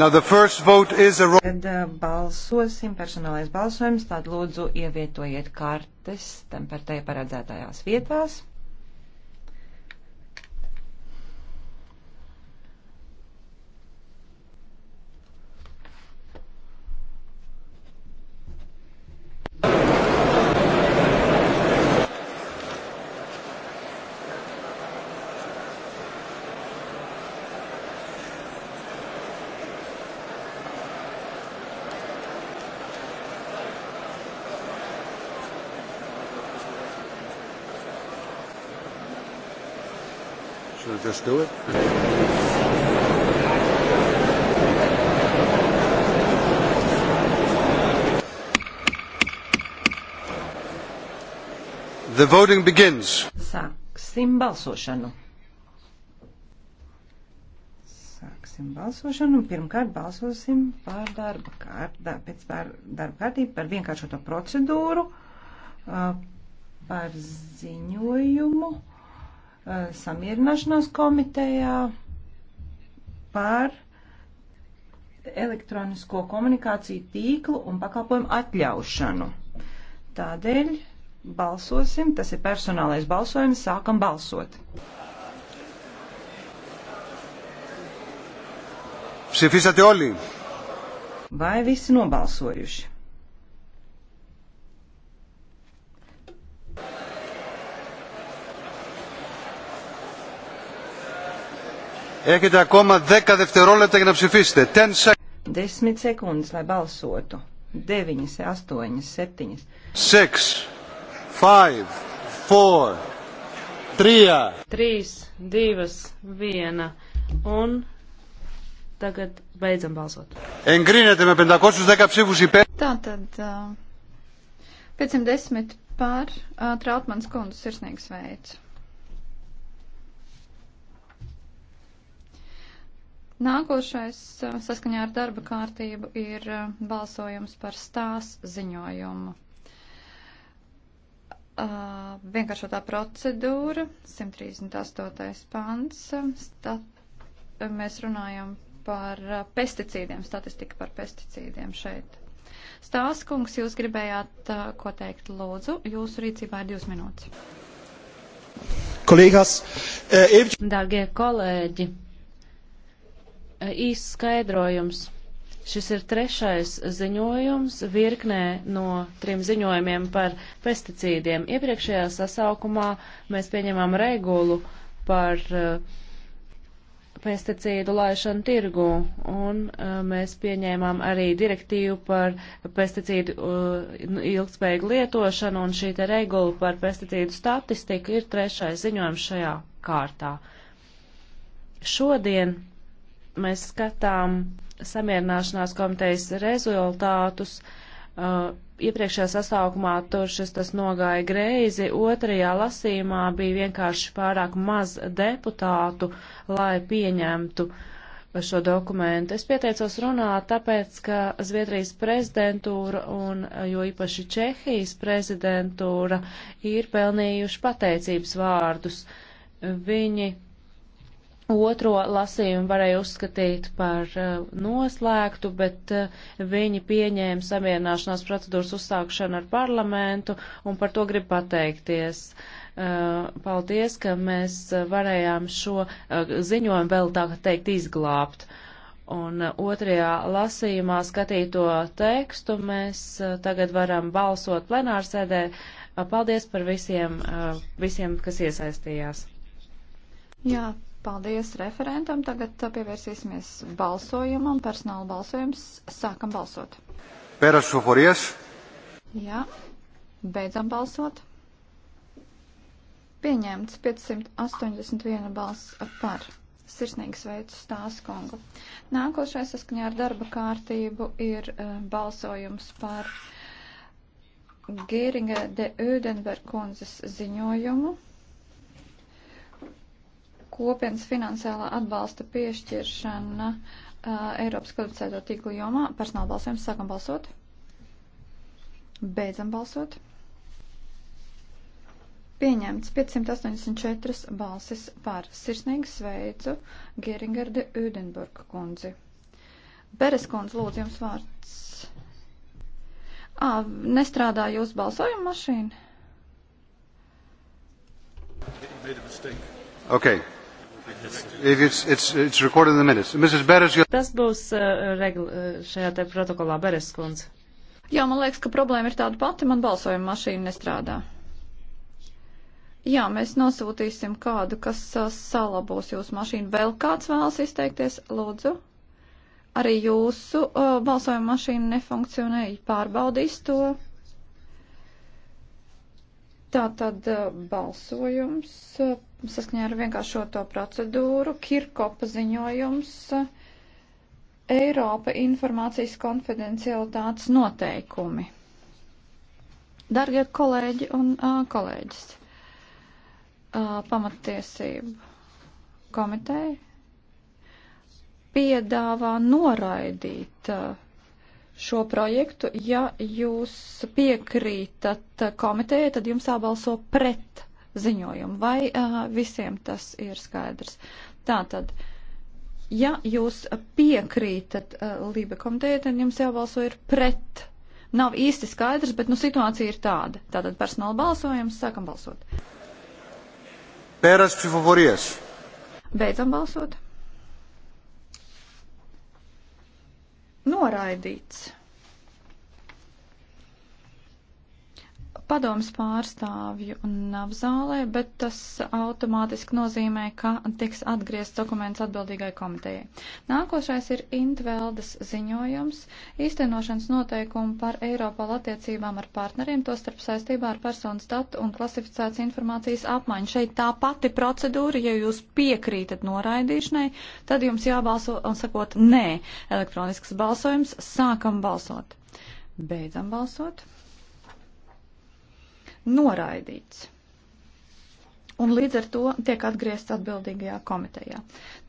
A... Kad uh, balsosim, personālais balsojums, tad lūdzu ievietojiet kartes tempertēja paredzētajās vietās. Just do it. The voting begins. Sāksim balsošanu. Sāksim balsošanu. Pirmkārt balsosim par darba kārtā, pēc par darba kārtību, par vienkāršoto procedūru, par ziņojumu samierināšanās komitejā par elektronisko komunikāciju tīklu un pakalpojumu atļaušanu. Tādēļ balsosim, tas ir personālais balsojums, sākam balsot. Ψηφίσατε όλοι. Vai visi nobalsojuši? Έχετε ακόμα 10 δευτερόλεπτα για να ψηφίσετε. 10 seconds. 10 sekundes, lai balsotu. 9, 8, 7. 6, 5, 4, 3. 3, 2, 1. Un tagad beidzam balsot. Εγκρίνεται με 510 ψήφους υπέρ. Tātad 510 pār Trautmans kundzes sirsnīgs veids. Nākošais saskaņā ar darba kārtību ir balsojums par stās ziņojumu. Vienkāršotā procedūra, 138. pants, stat, mēs runājam par pesticīdiem, statistika par pesticīdiem šeit. Stāskungs, jūs gribējāt ko teikt, lūdzu, jūsu rīcībā ir divas minūtes. Kolēģis, e... Dārgie kolēģi, Eh, īsts skaidrojums. Šis ir trešais ziņojums virknē no trim ziņojumiem par pesticīdiem. Iepriekšējā sasaukumā mēs pieņemam regulu par eh, pesticīdu laišanu tirgu, un eh, mēs pieņēmām arī direktīvu par pesticīdu ilgspējīgu lietošanu, un šī te regula par pesticīdu statistiku ir trešais ziņojums šajā kārtā. Šodien mēs skatām samierināšanās komitejas rezultātus. Uh, iepriekšējā sasaukumā tur šis tas nogāja greizi, otrajā lasīmā bija vienkārši pārāk maz deputātu, lai pieņemtu šo dokumentu. Es pieteicos runāt, tāpēc, ka Zviedrijas prezidentūra un jo īpaši Čehijas prezidentūra ir pelnījuši pateicības vārdus. Viņi Otro lasījumu varēja uzskatīt par uh, noslēgtu, bet uh, viņi pieņēma samierināšanās procedūras uzsākšanu ar parlamentu un par to grib pateikties. Uh, paldies, ka mēs varējām šo ziņojumu vēl tā teikt izglābt. Un otrajā lasījumā skatīto tekstu mēs tagad varam balsot plenārsēdē. Paldies par visiem, visiem kas iesaistījās. Jā, Paldies referentam. Tagad uh, pievērsīsimies balsojumam, personāla balsojums. Sākam balsot. Pēras šofories. Jā, beidzam balsot. Pieņemts 581 balss par. Sirsnīgs veids stāsts kungu. Nākošais saskaņā ar darba kārtību ir uh, balsojums par Gīringa de Ūdenberg kundzes ziņojumu kopienas finansiālā atbalsta piešķiršana uh, Eiropas kvalificēto tīklu jomā. Personāla balsojums sākam balsot. Beidzam balsot. Pieņemts 584 balsis par sirsnīgu sveicu Geringarde Ūdenburga kundzi. Beres kundze, lūdzu, jums vārds. Ā, nestrādā jūsu balsojuma mašīna? Okay. It's, it's, it's Beres, jo... Tas būs uh, regla, uh, šajā te protokolā Beres kundze. Jā, man liekas, ka problēma ir tāda pati, man balsojuma mašīna nestrādā. Jā, mēs nosūtīsim kādu, kas uh, salabos jūsu mašīnu. Vēl kāds vēlas izteikties, lūdzu. Arī jūsu uh, balsojuma mašīna nefunkcionē, pārbaudīs to. Tā tad uh, balsojums saskaņā ar vienkāršoto procedūru, Kirkopa ziņojums Eiropa informācijas konfidencialitātes noteikumi. Dargie kolēģi un uh, kolēģis, uh, pamatiesību komiteja piedāvā noraidīt uh, šo projektu. Ja jūs piekrītat komitejai, tad jums jābalso pret ziņojumu. Vai uh, visiem tas ir skaidrs? Tātad, ja jūs piekrītat uh, Lībe komitejai, tad jums jābalso ir pret. Nav īsti skaidrs, bet nu situācija ir tāda. Tātad personāla balsojums, sākam balsot. Pēras psihoforijas. Beidzam balsot. Noraidīts. padomas pārstāvju nav zālē, bet tas automātiski nozīmē, ka tiks atgriezt dokuments atbildīgai komitejai. Nākošais ir Intveldes ziņojums - īstenošanas noteikumu par Eiropola attiecībām ar partneriem, to starp saistībā ar personas datu un klasificētas informācijas apmaiņu. Šeit tā pati procedūra, ja jūs piekrītat noraidīšanai, tad jums jābalso un sakot nē. Elektronisks balsojums. Sākam balsot. Beidzam balsot noraidīts. Un līdz ar to tiek atgriezts atbildīgajā komitejā.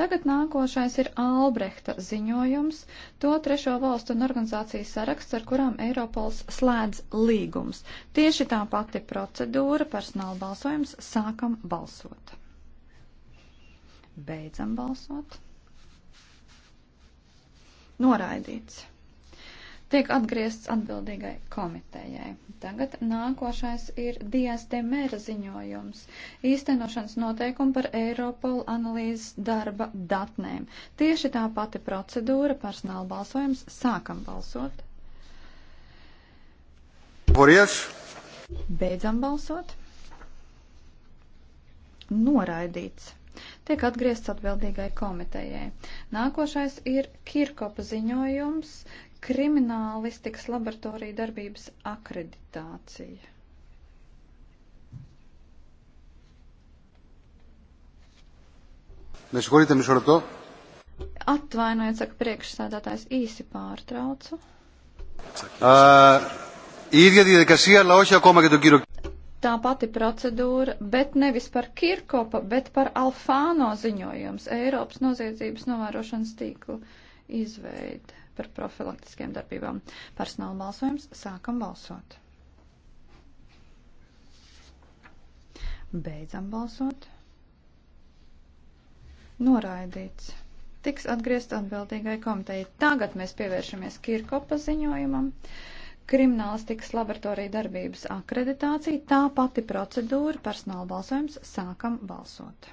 Tagad nākošais ir Albrehta ziņojums, to trešo valstu un organizāciju saraksts, ar kurām Eiropols slēdz līgums. Tieši tā pati procedūra, personāla balsojums, sākam balsot. Beidzam balsot. Noraidīts tiek atgriezts atbildīgai komitejai. Tagad nākošais ir Dijas Demēra ziņojums - īstenošanas noteikumi par Eiropolu analīzes darba datnēm. Tieši tā pati procedūra - personāla balsojums - sākam balsot. Bories. Beidzam balsot. Noraidīts tiek atgriezts atbildīgai komitejai. Nākošais ir Kirkopa ziņojums Kriminālistikas laboratorija darbības akreditācija. Με συγχωρείτε μισό λεπτό. Atvainojiet, saka priekšsēdētājs, īsi pārtraucu. Η ίδια διαδικασία, αλλά όχι ακόμα και τον κύριο. Tā pati procedūra, bet nevis par Kirkopa, bet par Alfāno ziņojums, Eiropas noziedzības novērošanas tīklu izveidi par profilaktiskiem darbībām. Personāla balsojums. Sākam balsot. Beidzam balsot. Noraidīts. Tiks atgriezt atbildīgai komitejai. Tagad mēs pievēršamies Kirkopa ziņojumam. Kriminālistikas laboratorija darbības akreditācija, tā pati procedūra, personāla balsojums, sākam balsot.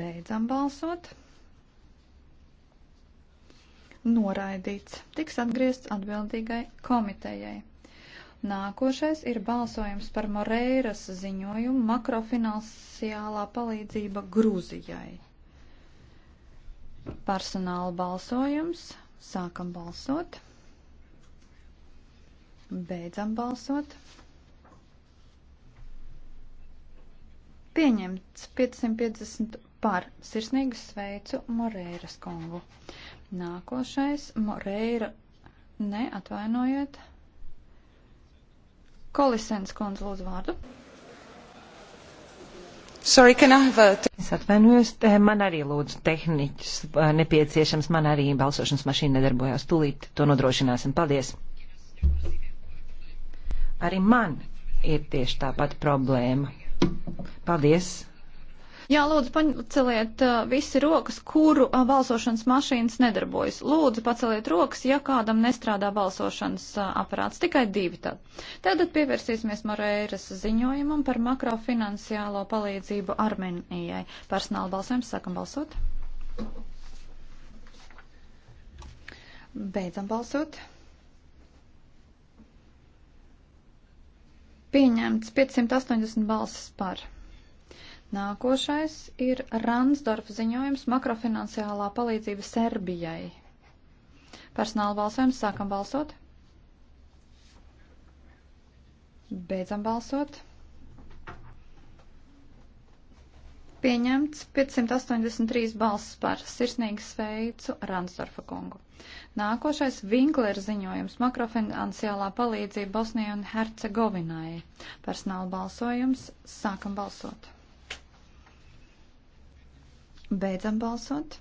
Beidzam balsot noraidīts, tiks atgriezts atbildīgai komitejai. Nākošais ir balsojums par Moreiras ziņojumu makrofinansiālā palīdzība Grūzijai. Personāla balsojums. Sākam balsot. Beidzam balsot. Pieņemts 550 par sirsnīgu sveicu Moreiras kungu. Nākošais Moreira neatvainojiet. Kolisens kundze lūdzu vārdu. Sorry, can I have a... Es atvainojos, man arī lūdzu tehniķus nepieciešams, man arī balsošanas mašīna nedarbojās. Tūlīt to nodrošināsim. Paldies. Arī man ir tieši tāpat problēma. Paldies. Jā, lūdzu, paceliet uh, visi rokas, kuru uh, balsošanas mašīnas nedarbojas. Lūdzu, paceliet rokas, ja kādam nestrādā balsošanas uh, aparāts. Tikai divi tad. Tagad pievērsīsimies Moreiras ziņojumam par makrofinansiālo palīdzību Armenijai. Personāla balsojums sākam balsot. Beidzam balsot. Pieņemts 580 balsis par. Nākošais ir Ransdorf ziņojums makrofinansiālā palīdzība Serbijai. Personāla balsojums sākam balsot. Beidzam balsot. Pieņemts 583 balsis par sirsnīgu sveicu Ransdorfa kungu. Nākošais Vinklera ziņojums makrofinansiālā palīdzība Bosnijai un Hercegovinai. Personāla balsojums sākam balsot. Beidzam balsot.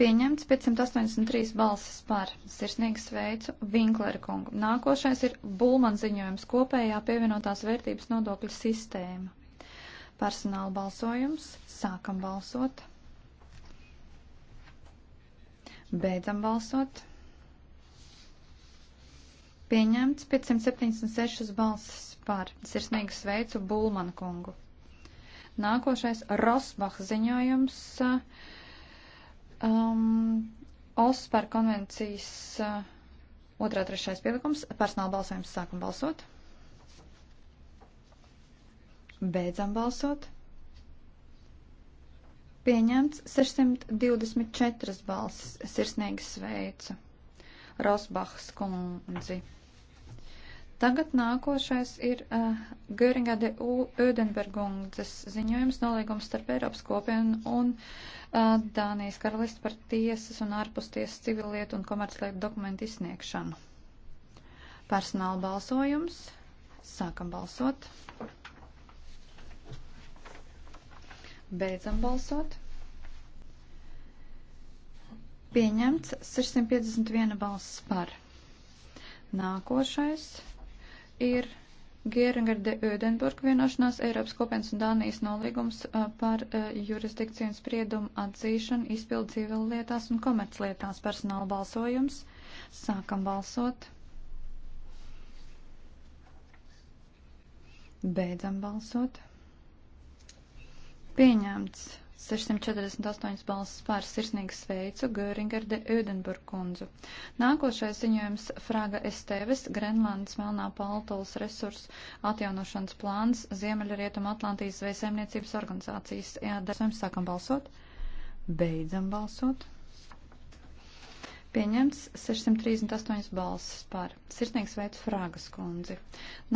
Pieņemts 583 balsis par. Sirsnīgi sveicu Vinklera kungu. Nākošais ir Bulman ziņojums kopējā pievienotās vērtības nodokļu sistēma. Personāla balsojums. Sākam balsot. Beidzam balsot. Pieņemts 576 balsis par. Sirsnīgi sveicu Bulman kungu. Nākošais Rosbach ziņojums. Eh, um, OSPAR konvencijas uh, otrā trešais pielikums. Personāla balsojums sākam balsot. Beidzam balsot. Pieņemts 624 balsis. Sirsnīgi sveicu. Rosbachas kundzi. Tagad nākošais ir uh, Göringa de Ödenbergundzes ziņojums nolīgums starp Eiropas kopienu un uh, Dānijas karalisti par tiesas un ārpustiesas civilietu un komerclietu dokumentu izsniegšanu. Personāla balsojums. Sākam balsot. Beidzam balsot. Pieņemts 651 balss par. Nākošais ir Gieringer de Ödenburg vienošanās Eiropas kopienas un Dānijas nolīgums par jurisdikciju un spriedumu atzīšanu, izpildu civillietās un komerclietās personāla balsojums. Sākam balsot. Beidzam balsot. Pieņemts. 648 balsis pār sirsnīgi sveicu Göringer de Ödenburg kundzu. Nākošais ziņojums Fraga Esteves, Grenlandes melnā paltolas resursu atjaunošanas plāns Ziemeļrietum Atlantijas zvejsaimniecības organizācijas. Jā, darbs, sākam balsot. Beidzam balsot. Pieņemts 638 balsis par. Sirsnīgs veids Frāgas kundzi.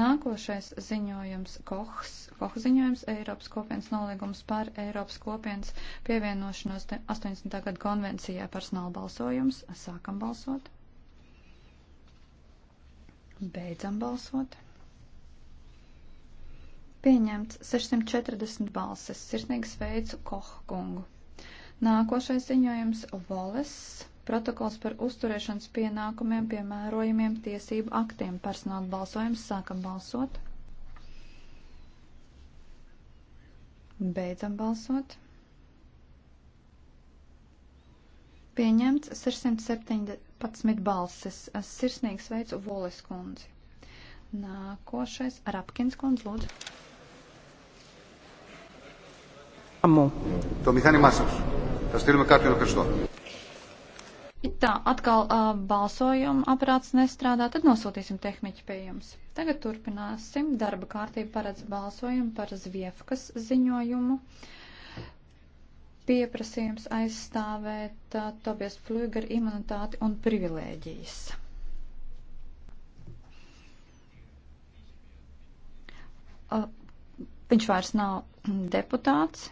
Nākošais ziņojums Kohs. Kohs ziņojums Eiropas kopienas nolīgums par Eiropas kopienas pievienošanos 80. gada konvencijā personāla balsojums. Sākam balsot. Beidzam balsot. Pieņemts 640 balsis. Sirsnīgs veids Koh kungu. Nākošais ziņojums Voles Protokols par uzturēšanas pienākumiem piemērojumiem tiesību aktiem. Personāla balsojums. Sākam balsot. Beidzam balsot. Pieņemts 617 balsis. Sirsnīgi sveicu Voles kundzi. Nākošais Rapkins kundze, lūdzu. Το μηχάνημά σας. Θα στείλουμε κάποιον ευχαριστώ. Tā atkal uh, balsojuma aparāts nestrādā, tad nosūtīsim tehniķi pie jums. Tagad turpināsim. Darba kārtība paredz balsojumu par Zviefkas ziņojumu. Pieprasījums aizstāvēt uh, Tobies Flüger imunitāti un privilēģijas. Uh, viņš vairs nav deputāts,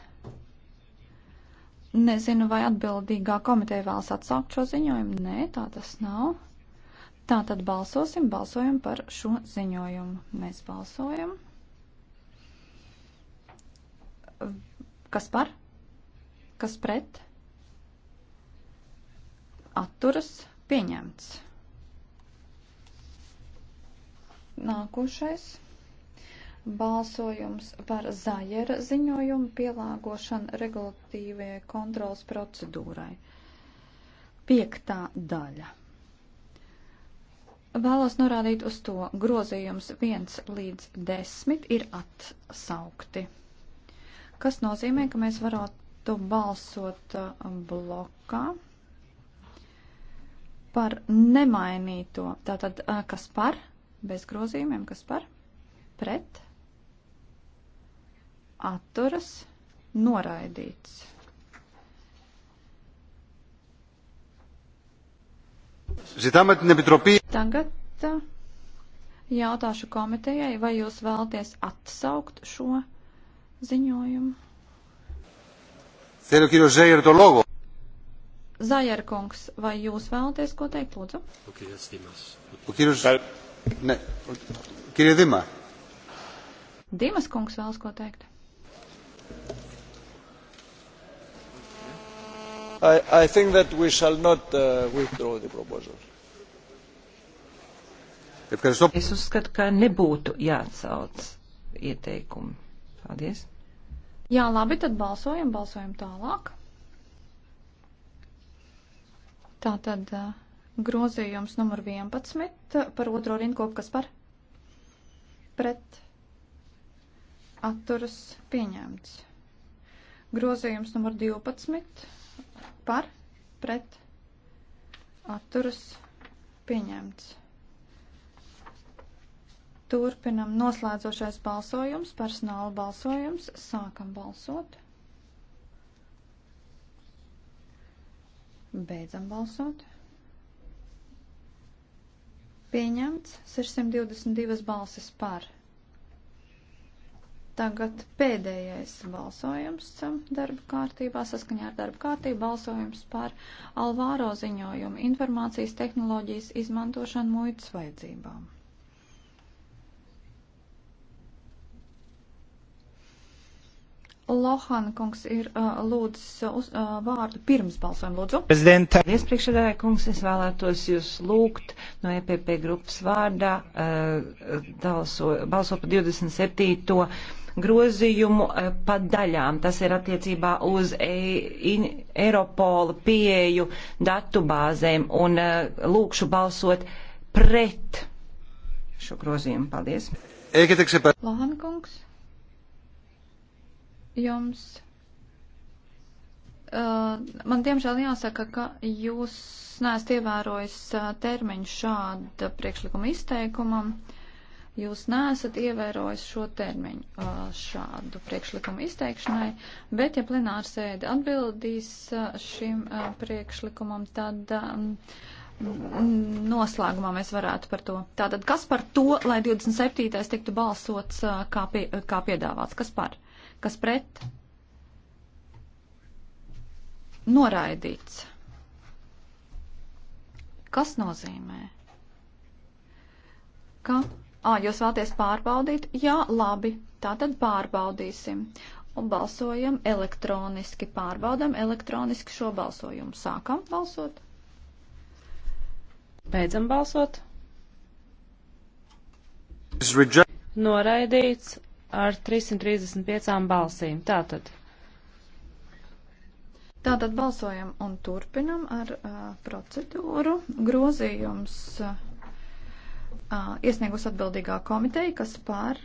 Nezinu, vai atbildīgā komiteja vēlas atsaukt šo ziņojumu. Nē, tā tas nav. Tā tad balsosim, balsojam par šo ziņojumu. Mēs balsojam. Kas par? Kas pret? Atturas pieņemts. Nākošais balsojums par Zajera ziņojumu pielāgošanu regulatīvajai kontrols procedūrai. Piektā daļa. Vēlos norādīt uz to, grozījums 1 līdz 10 ir atsaukti, kas nozīmē, ka mēs varētu balsot uh, blokā par nemainīto, tātad uh, kas par, bez grozījumiem, kas par, pret, atturas noraidīts. Tagad jautāšu komitejai, vai jūs vēlaties atsaukt šo ziņojumu? Zajerkungs, vai jūs vēlaties ko teikt, lūdzu? Dimas kungs vēlas ko teikt. I, I think that we shall not uh, withdraw the proposal. Es uzskatu, ka nebūtu jāatsauc ieteikumi. Paldies. Jā, labi, tad balsojam, balsojam tālāk. Tātad uh, grozījums numur 11 par otro rinkopu, kas par pret atturas pieņemts. Grozījums numur 12 par pret atturas pieņemts. Turpinam noslēdzošais balsojums, personāla balsojums, sākam balsot. Beidzam balsot. Pieņemts 622 balsis par Tagad pēdējais balsojums um, darba kārtībā, saskaņā ar darba kārtību balsojums par Alvāro ziņojumu informācijas tehnoloģijas izmantošanu muitas vajadzībām. Lohana kungs ir uh, lūdzis uh, uz, uh, vārdu pirms balsojuma, lūdzu. Prezidenta. Iespriekšredāja kungs, es vēlētos jūs lūgt no EPP grupas vārdā uh, balso, balso par 27 grozījumu eh, pa daļām. Tas ir attiecībā uz e Eiropola pieeju datubāzēm un eh, lūkšu balsot pret šo grozījumu. Paldies. Lānkungs, jums. Uh, man diemžēl jāsaka, ka jūs neesat ievērojis termiņu šāda priekšlikuma izteikumam. Uh, jūs neesat ievērojis šo termiņu šādu priekšlikumu izteikšanai, bet ja plenārsēde atbildīs šim priekšlikumam, tad noslēgumā mēs varētu par to. Tātad, kas par to, lai 27. tiktu balsots, kā, pie, kā piedāvāts? Kas par? Kas pret? Noraidīts. Kas nozīmē? Ka Ā, jūs vēlaties pārbaudīt? Jā, labi, tā tad pārbaudīsim. Un balsojam elektroniski, pārbaudam elektroniski šo balsojumu. Sākam balsot. Beidzam balsot. Noraidīts ar 335 balsīm. Tātad. Tātad balsojam un turpinam ar uh, procedūru. Grozījums. Uh, iesniegus atbildīgā komiteja, kas pār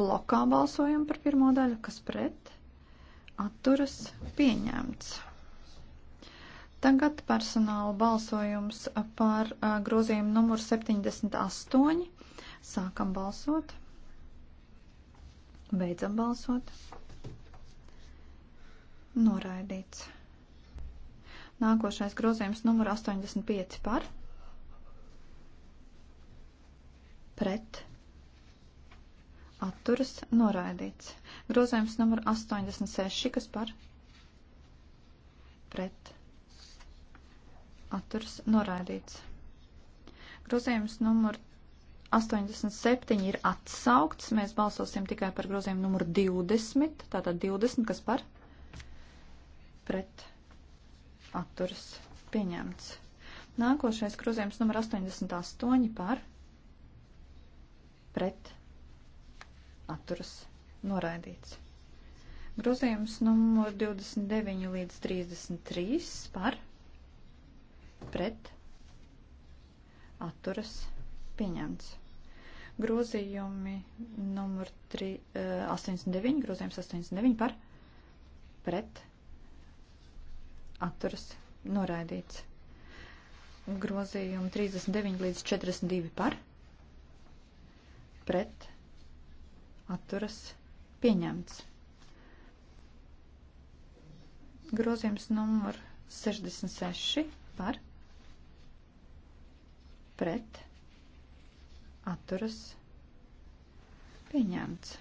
blokā balsojam par pirmo daļu, kas pret atturas pieņemts. Tagad personāla balsojums par grozījumu numuru 78. Sākam balsot. Beidzam balsot. Noraidīts. Nākošais grozījums numuru 85 par. pret atturas noraidīts. Grozējums numur 86, kas par pret atturas noraidīts. Grozējums numur 87 ir atsaukts. Mēs balsosim tikai par grozījumu numuru 20. Tātad 20, kas par pret atturas pieņemts. Nākošais grozījums numur 88 par pret pret atturas noraidīts. Grozījums numur 29 līdz 33 par pret atturas pieņemts. Grozījumi numur 3, 89, eh, grozījums 89 par pret atturas noraidīts. Grozījumi 39 līdz 42 par pret atturas pieņemts. Grozījums numur 66 par pret atturas pieņemts.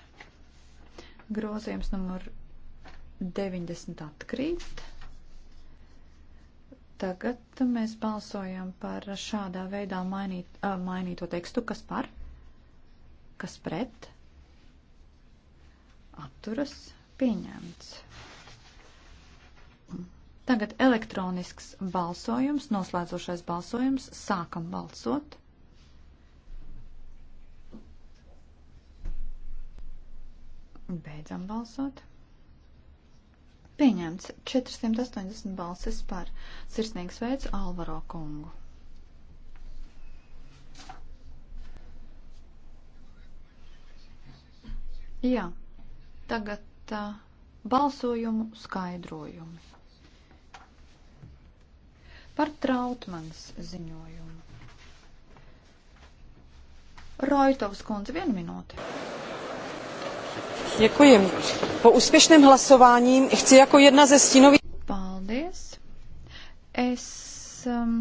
Grozījums numur 90 atkrīt. Tagad mēs balsojam par šādā veidā mainīt, uh, mainīto tekstu, kas par kas pret, atturas, pieņemts. Tagad elektronisks balsojums, noslēdzošais balsojums, sākam balsot. Beidzam balsot. Pieņemts 480 balsis par sirsnīgu sveicu Alvaro kungu. Jā, tagad uh, balsojumu skaidrojumi. Par Trautmanas ziņojumu. Rojtovs kundze, vienu minūti. Děkuji. Po úspěšném hlasování chci jako jedna ze stínových... Paldies. Es... Um,